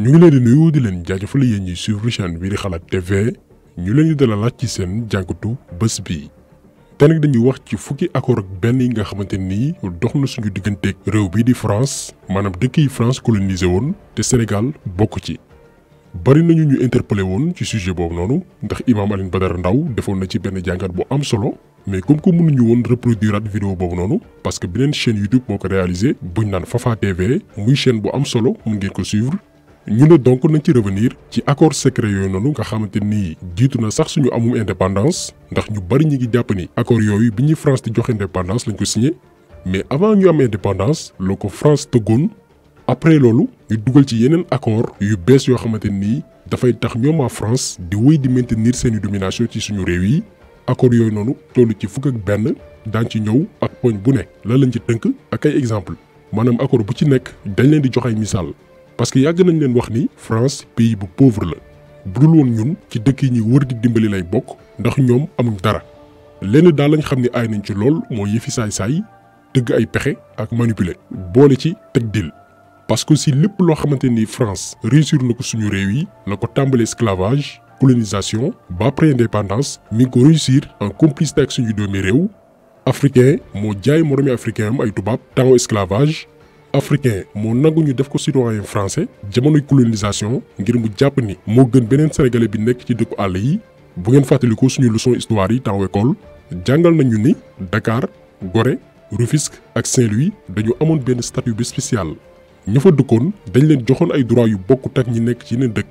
ñu ngi leen di nuyu di leen jaajëfal yéen ñuy suivre chaîne bii di xalaat TV ñu leen di dalalaat ci seen jàngatu bés bi. te nag dañuy wax ci fukki accord ak benn yi nga xamante ni dox na suñu digganteeg réew bii di France maanaam dëkk yi France colonisé woon te Sénégal bokk ci. bari nañu ñu interpellé woon ci sujet boobu noonu ndax imaam Alioune Badara Ndao defoon na ci benn jàngat bu am solo mais comme que mënuñu woon reproduire at vidéo boobu que beneen chaîne YouTube moo ko réalisé buñ naan Fafa TV muy bu am solo mun ngeen ko suivre. ñu ne donc nañ ci revenir ci accord secret yooyu noonu nga xamante nii jiitu na sax suñu amum indépendance ndax ñu bari ñi ngi jàpp ni accord yooyu bi ñuy France di joxe indépendance lañ ko signé mais avant ñu am indépendance loo ko France tëggoon après loolu ñu dugal ci yeneen accord yu bees yoo xamante nii dafay tax ñoom waa France di wéy di maintenir seeni domination ci suñu réew yi accord yooyu noonu tollu ci fukk ak benn daan ci ñëw ak po bu ne la lañ ci tënk ak exemple maanaam accord bu ci nekk dañ leen di jox ay parce que yàgg nañ wax ni France pays bu pauvre la bu woon ñun ci dëkk yi ñuy wër di dimbali lay bokk ndax ñoom amuñ dara lañ ne nañ ci lool mooy ay ak manipuler ci parce que si lépp loo xamante France réussir na ko suñu réew yi na ko tàmbale esclavage colonisation ba après indépendance mi ko réussir en complice ak suñu doomi réew africain moo jaay moromi africain am ay esclavage africain moo nangu ñu def ko citoyen français jamonoy colonisation ngir mu jàpp ni moo gën beneen sénégalais bi nekk ci dëkku àll yi bu ngeen fàttalikoo suñu leçon histoire yi temps école jàngal nañu ni Dakar gore Rufisque ak Saint-Louis dañu amoon benn statut bi spécial ña fa dañ leen joxoon ay droit yu bokkut ak ñi nekk ci yeneen dëkk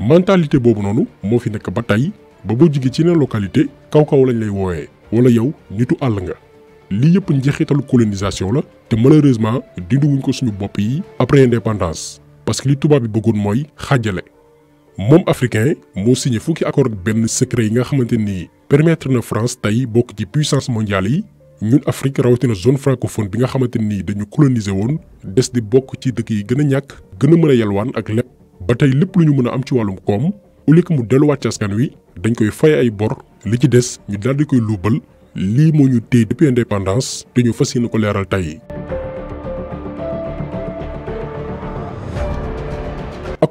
mentalité boobu noonu moo fi nekk ba tey ba boo jigee ci yeneen localité kaw kaw lañ lay woowee wala yow nitu àll nga lii yëpp njeexitalu colonisation la malheureusement nous wuñ ko suñu bop yi après indépendance parce que li tubaab bi bëggoon mooy moom africain signé un accord secret nga na France tey bokk ci puissance mondiale ñun Afrique zone francophone bi nga xamante dañu coloniser woon des di bokk ci dëkk yi gën a ñàkk gën ak ba lu ñu am ci que mu ci askan wi dañ koy ay des depuis indépendance te ñu ko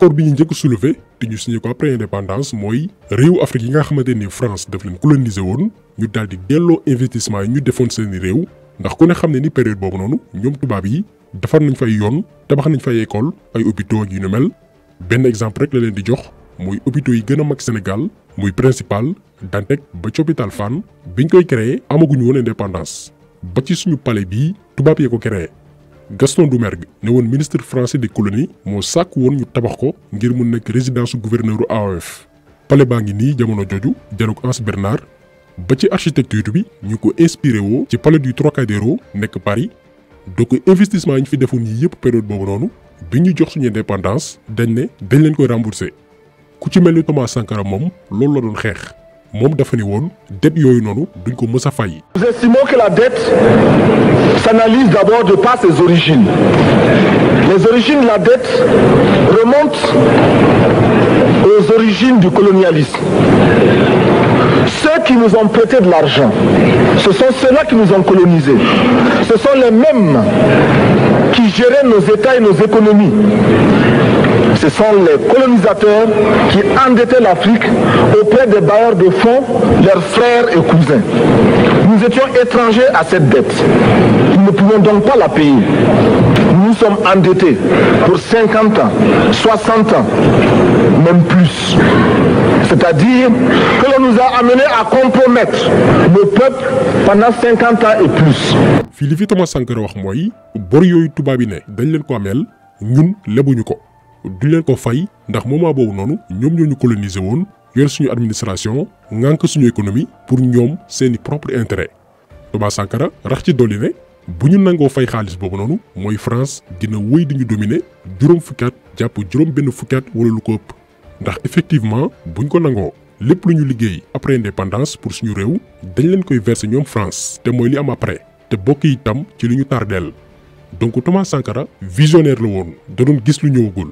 accord bi ñu soulevé ñu signé après indépendance moy réew Afrique yi nga xamanté France daf leen coloniser woon ñu daldi di investissement yi ñu defoon seeni réew ndax ku ne xamné période bobu nonu ñoom tubab yi defar nañ fay yoon tabax nañ fay école ay hôpitaux yi ñu mel exemple rek la leen di jox hôpitaux yi Sénégal principal dantek ba ci hôpital fan biñ koy créé amaguñu indépendance ba ci suñu palais Gaston Doumergue né won ministre français des colonies mo sàkk won ñu tabax ko ngir mu nek résidence gouverneur AOF palais baa ngi nii jamono joju, janok Anse Bernard ba ci architecture bi ñu ko inspiré wo ci palais du Trocadéro nek Paris donc investissement ñu fi defoon yi yëpp période boobu nonu, bi ñu jox suñu indépendance dañ né dañ leen koy rembourser. ku ci melni Thomas Sankara mom, loolu la doon xex. Nous estimons que la dette s'analyse d'abord de par ses origines. Les origines de la dette remontent aux origines du colonialisme. Ceux qui nous ont prêté de l'argent, ce sont ceux-là qui nous ont colonisés. Ce sont les mêmes qui géraient nos États et nos économies ce sont les colonisateurs qui endettaient l'Afrique auprès des bailleurs de fonds, leurs frères et cousins. Nous étions étrangers à cette dette. Nous ne pouvons donc pas la payer. Nous sommes endettés pour 50 ans, 60 ans, même plus. C'est-à-dire que l'on nous a amenés à compromettre le peuple pendant 50 ans et plus. Philippe Thomas du leen ko fay ndax moment boobu noonu ñoom ñoo ñu coloniser woon yor suñu administration ŋànk suñu économie pour ñoom seeni propre intérêt Thomas Sankara rax ci dolli ne bu ñu nangoo fay xaalis boobu noonu mooy France dina wéy di ñu dominer juróom fukki at jàpp juróom benn fukki wala lu ko ëpp ndax effectivement buñ ko nangoo lépp lu ñu liggéey après indépendance pour suñu réew dañ leen koy verser ñoom France te mooy li am après te bokk itam ci li ñu donc Thomas Sankara visionnaire la woon da doon gis lu ñëwagul.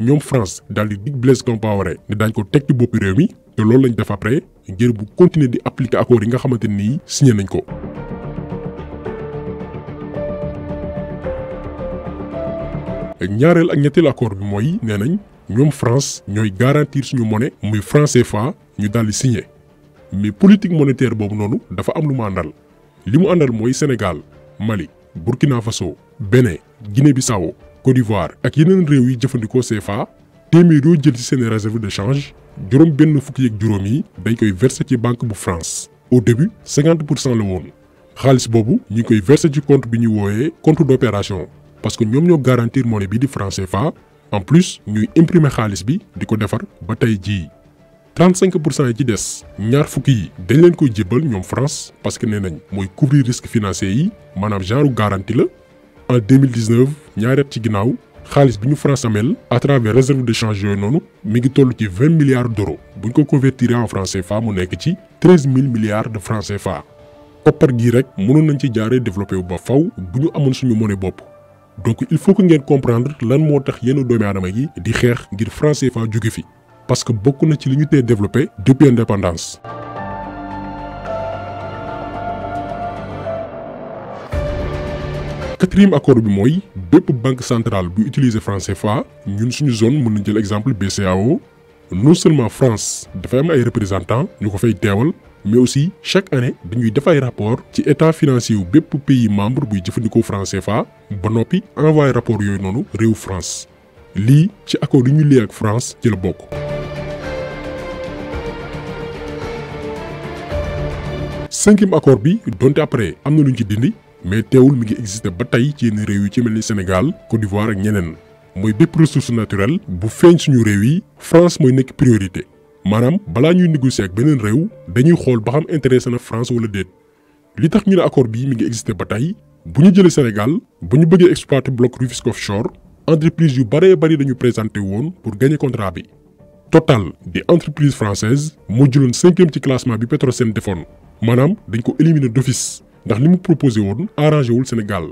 ñoom France daal di dig Blaise Compaoré ne daañ ko teg ci boppi réew mi te loolu lañ def après ngir bu continuer di appliquer accords yi nga xamante ni signé nañ ko. ñaareel ak ñetteel accord bi mooy nee nañ ñoom France ñooy garantir suñu mone muy franc CFA ñu daal di signé mais politique monétaire boobu noonu dafa am lu mu àndal li mu àndal mooy Sénégal Mali Burkina Faso Bénin bi Bissau Côte d'Ivoire ak yeneen réew yi jëfandikoo CFA téeméer yoo jël ci seen réserve de change juróom benn fukki ak juróom yi dañ koy verser ci banque bu France au début 50 pour cent la woon xaalis boobu ñu koy verser ci compte bi ñu wooyee compte d'opération parce que ñoom ñoo garantir monnaie bi di franc CFA en plus ñuy imprimer xaalis bi di ko defar ba tey jii. 35 pour cent yi ci des ñaar fukki yi dañ leen koy jébbal ñoom France parce que nee nañ mooy couvrir risque financier yi maanaam genre garantie la en 2019 ñaari at ci ginnaaw xaalis bi ñu France amel à travers réserve de change yooyu noonu mi ngi ci 20 milliards d'euros bu ñu ko en franc CFA mu nekk ci 13 000 milliards de franc CFA. koppar gii rek mënoon nañ ci jaaree développé wu ba faw bu ñu suñu monnaie donc il faut que ngeen comprendre lan moo tax yenn doomi aadama yi di ngir franc CFA jóge fi parce que beaucoup na ci li ñu depuis indépendance. quatrième accord bi moy bépp banque centrale bu utiliser franc CFA ñun suñu zone mëna jël exemple BCEAO non seulement France dafay am ay représentants ñuko fay teewal mais aussi chaque année dañuy def ay rapport ci état financier wu bépp pays membre bu jëfëndiko franc CFA ba nopi envoyer rapport yoy nonu réew France Li ci accord ñu li ak France ci la bokk. cinquième accord bi donte après amna luñ ci dindi mais téwul mi ngi exister ba tey ci ene réew yi ci mel Sénégal Côte d'Ivoire ak ñeneen mooy bépp ressource naturelle bu feeñ suñu réew yi France moy nek priorité manam bala ñuy négocier ak benen réew dañuy xool ba xam intérêt na France wala déet li tax ñu ne accord bi mi ngi exister ba bu ñu jëlee Sénégal bu ñu bëggee exploiter bloc Rufisque offshore entreprise yu bëree bari dañu présenté woon pour gagner contrat bi. Total di entreprise française moo 5 cinquième ci classement bi Petrosen defoon manam dañ ko éliminer d'office ndax li mu proposé woon arrangé Sénégal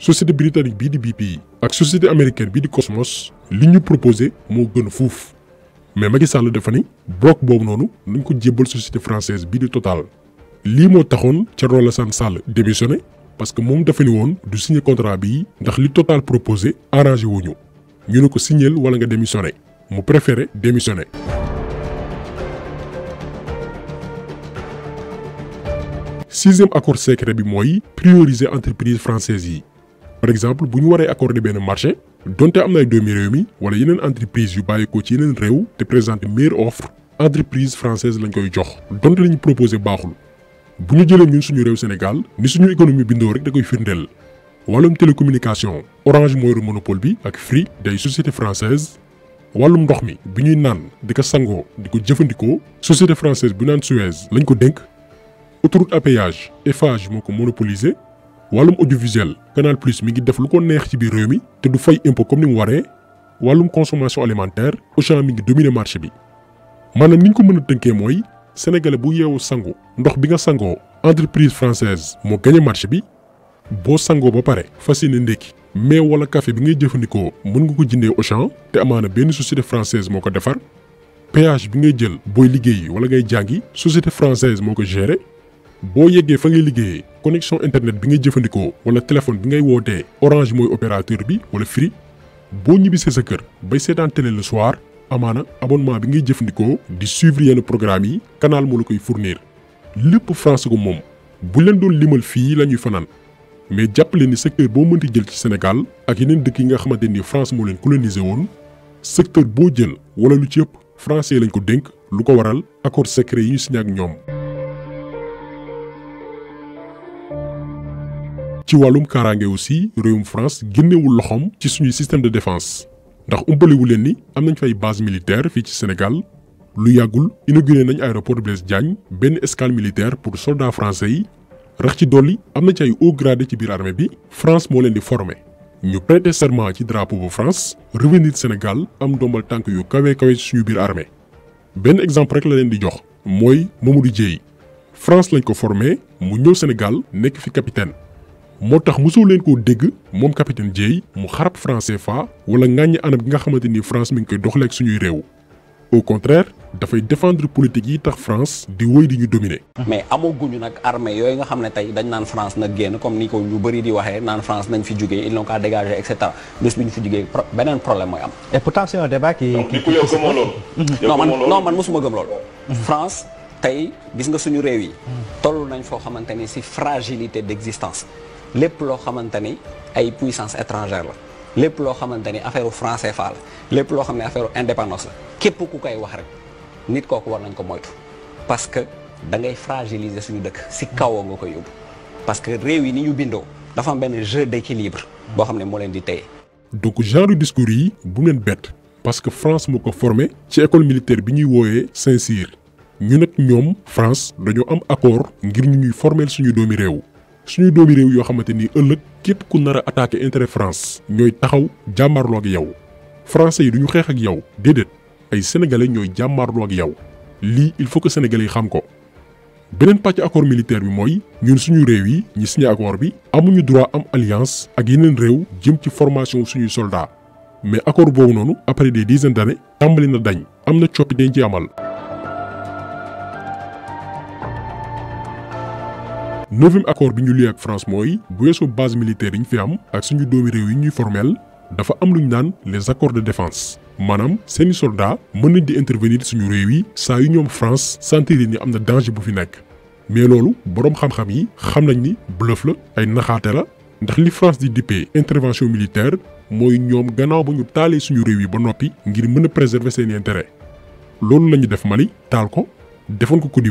société britannique BDBP, di société américaine bii Cosmos li ñu proposé moo gën mais Macky Sall dafa ni bloc boobu ko la société française bii Total lii moo taxoon Rola San Sall parce que moom dafa ni woon du signer contrat bii ndax li Total proposé arrangé wuñu ñu ne ko wala nga mu préféré sixième accord secret bi moy prioriser entreprise française yi par exemple buñu waré accorder ben marché donté am na ay réew mi wala yenen entreprise yu ko ci yenen réew té présente meilleure offre entreprise française lañ koy jox donté lañ proposé baaxul bu ñu ñun suñu réew Sénégal ni suñu économie bindo rek da koy firndeel walum télécommunication orange mooy monopole bi ak Free day société française walum ndox mi bi nan diko sango diko jëfëndiko société française bu nan Suez lañ ko denk autoroute à péage Eiffage moo ko monopolisé wàllum audiovisuel Canal Plus mi ngi def lu ko neex ci biir réew mi te du fay impôt comme ni mu waré walum consommation alimentaire Auchan mi ngi dominer marché bi maanaam ni ñu ko mën a moy sénégalais bu yeewu sango ndox bi nga sango entreprise française mo gagné marché bi bo sango ba paré fas ndéki mais wala café bi ngay jëfandikoo mën nga ko jindé Auchan te amana bénn société française moko défar péage bi ngay jël boy liggéey wala ngay jàngi société française moko gérer boo yeggee fa ngay liggéeyee connexion internet bi ngay jëfandikoo wala téléphone bi ngay wootee orange mooy opérateur bi wala free boo ñibbisee sa kër bay seetaan télé le soir amaana abonnement bi ngay jëfandikoo di suivre yenn programme yi canal moo la koy fournir lépp France ko moom bu leen doon limal fii la ñuy fanaan mais jàppale ni secteur boo mënti jël ci Sénégal ak yeneen dëkk yi nga xamante ni France moo leen colonisé woon secteur boo jël wala lu ci ëpp français lañ ko dénk lu ko waral accord secret yi ñu ak ñoom. ci walum kaaraange aussi réewum France génnewul loxom ci suñu système de défense ndax umpalewu leen ni am fay base militaire fi ci Sénégal lu yàggul inauguré nañ aéroport Blaise Diagne ben escale militaire pour soldats français rax ci doli amna ci ay haut gradé ci bir armée bi France mo len di formé ñu prêter serment ci drapeau bu France revenir Sénégal am ndombal tank yu kawé kawé ci suñu bir armée ben exemple rek la len di jox moy Mamadou Dieye France lañ ko formé mu ñëw Sénégal nek fi capitaine moo tax mosoo leen capitaine mu xarab wala anam nga France au contraire dafay défendre politique yi la France di woy dominer. mais amaguñu nag armée nga dañ France comme ni ko di France nañ fi jugee ils n'ont dégager et cetera fi problème et pourtant un débat qui. non man man gëm mm-hmm. France tey gis nga suñu réew yi. Mm-hmm. fragilité d'existence lépp loo xamante ni ay puissance étrangère la lépp loo xamante affaire français CFA lépp loo xam affaire indépendance képp ku koy wax rek nit parce que da ngay fragiliser suñu dëkk parce que réew yi ni ñu bindoo jeu d'équilibre Donc xam ne discours yi bu parce que France moo ko formé ci école militaire bi ñuy Saint-Cyr France dañoo am accord ngir ñu ñuy formel suñu doomi réew. suñu doomi réew yoo xamante ni ëllëg képp ku nar a attaqué France ñooy taxaw jàmmarloo ak yow français yi du ñu xeex ak yow déedéet ay sénégalais ñooy jàmmarloo ak yow lii il faut que sénégalais yi xam ko. beneen pàcc accord militaire bi mooy ñun suñu réew yi ñi signé accord bi amuñu droit am alliance ak yeneen réew jëm ci formation suñuy soldats mais accord boobu noonu après des dizaines d'années tàmbali na dañ am na coppite dañ ci amal. neuvième accord bi ñu ak France moy bu yeso base militaire yi ñu fi am ak suñu doomi réew yi ñuy formel dafa am luñ nane les accords de défense manam, seeni soldats mën di intervenir suñu réew yi sa yu ñom France sentir ni danger bu fi nek mais lolu borom xam-xam yi xam nañ ni bluff la ay naxaate la ndax li France di dipé intervention militaire moy ñom gannaaw ba ñu taalee suñu réew yi ba nopi ngir mën préserver seen intérêt lolu la def Mali tal ko defon ko Côte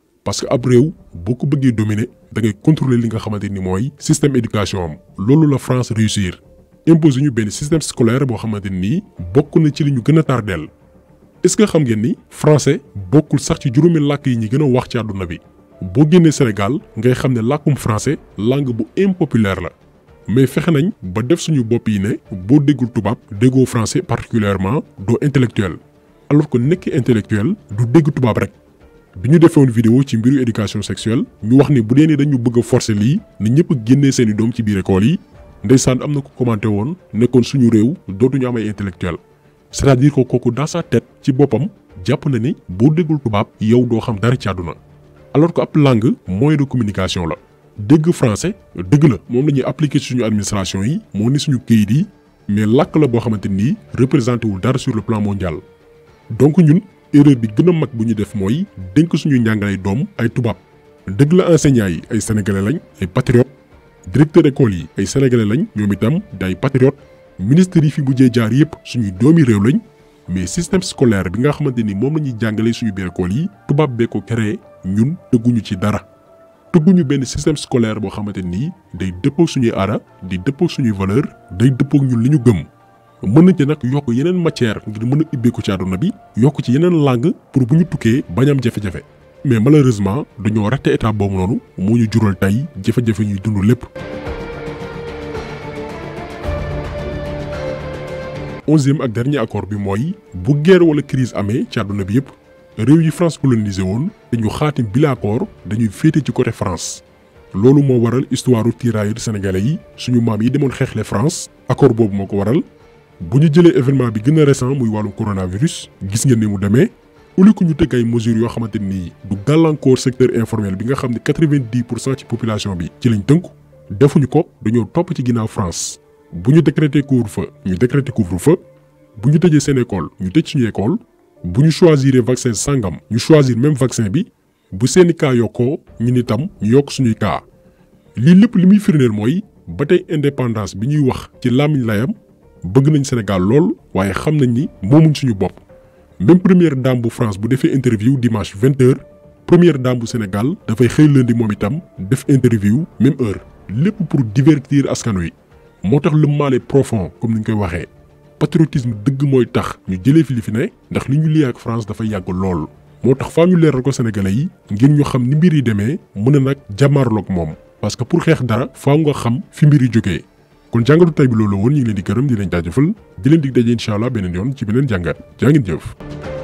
parce que ab réew boo ko bëggee dominer dangay ngay li nga xamante ni mooy système éducation am loolu la France réussir imposé ñu benn système scolaire boo xamante nii bokk na ci li ñu gën a dell est-ce que xam ngeen ni français bokkul sax ci juróomi làkk yi ñi gën a wax ci àdduna bi boo génnee Sénégal ngay xam ne làkkum français langue bu impopulaire la mais fexe nañ ba def suñu bopp yi ne boo déggul tubaab déggoo français particulièrement doo intellectuel alors que nekk intellectuel du dégg tubaab rek bi ñu une vidéo ci mbiru éducation sexuelle ñu wax ni bu déné dañu bëgg forcer li ne ñëpp génnee séni dom ci biir école yi ndeysaan amna ko commenté Nous suñu réew am intellectuel c'est-à-dire ko koku dans sa tête ci bopam une na ni déggul alors que langue moyen de communication la français la ci suñu administration yi mais la sur le plan mondial donc ñun erreur bi gën a mag bu ñu def mooy dénk suñu njàngalay doom ay tubaab dëgg la enseignants yi ay sénégalais lañ ay patriotes directeur école yi ay sénégalais lañ ñoom itam di ay patriotes ministres yi fi mujjee jaar yëpp suñuy doomi réew lañ mais système scolaire bi nga xamante ni moom la ñuy jàngale suñu biir école yi tubaab bee ko créé ñun tëgguñu ci dara tëgguñu benn système scolaire boo xamante ni day dëppoo suñuy ara di dëppoo suñuy valeur day dëppoo ñun li ñu gëm. mën nañ ci nag yokk yeneen matière ngir mën a ibbeeku ci àdduna bi yokk ci yeneen làng pour bu ñu tukkee bañ am jafe-jafe mais malheureusement dañoo rate état boobu noonu moo ñu jural tey jafe-jafe ñuy dund lépp. onzième ak dernier accord bi mooy bu guerre wala crise amee ci adduna bi yëpp réew yi France colonisé woon te ñu xaatim bi la dañuy féete ci côté France. loolu moo waral histoire u tirailleurs sénégalais yi suñu maam yi demoon xeexle France accord boobu moo ko waral nous ñu jëlee événement bi gën a récent muy wàllu coronavirus gis ngeen ni mu demee au ñu teg ay mesures yoo xamante ni du gàllankoor secteur informel bi nga xam ne ci population bi ci lañ tënku defuñu ko dañoo topp ci ginnaaw France bu ñu décrété couvre-feu ñu décrété couvre-feu bu ñu tëjee seen école ñu tëj suñu école bu ñu choisir vaccin sangam ñu choisir même vaccin bi bu seeni cas yokkoo ñu ni ñu yokk suñuy cas lii lépp li muy firndeel mooy ba tey indépendance bi ñuy wax ci layam bëgg nañ Sénégal lool waaye xam nañ ni moomuñ suñu bopp même première dame bu France bu defee interview dimanche 20 heures première dame bu Sénégal dafay xëy lundi moom itam def interview même heure lépp pour divertir askan wi moo tax le mal est profond comme ni ñu koy waxee patriotisme dëgg mooy tax ñu jëlee fi li fi ne ndax li ñu lii ak France dafa yàgg lool. moo tax faa ñu leeral ko sénégalais yi ngir ñu xam ni mbir yi demee mën a nag jàmmaarloog moom parce que pour xeex dara faaw nga xam fi mbir yi jógee. kon jàngatu tay bi loolu woon ñu ngi leen di gërëm di leen jaajëfal di leen dig daje incha allah beneen yoon ci beneen jàngat jaa jëf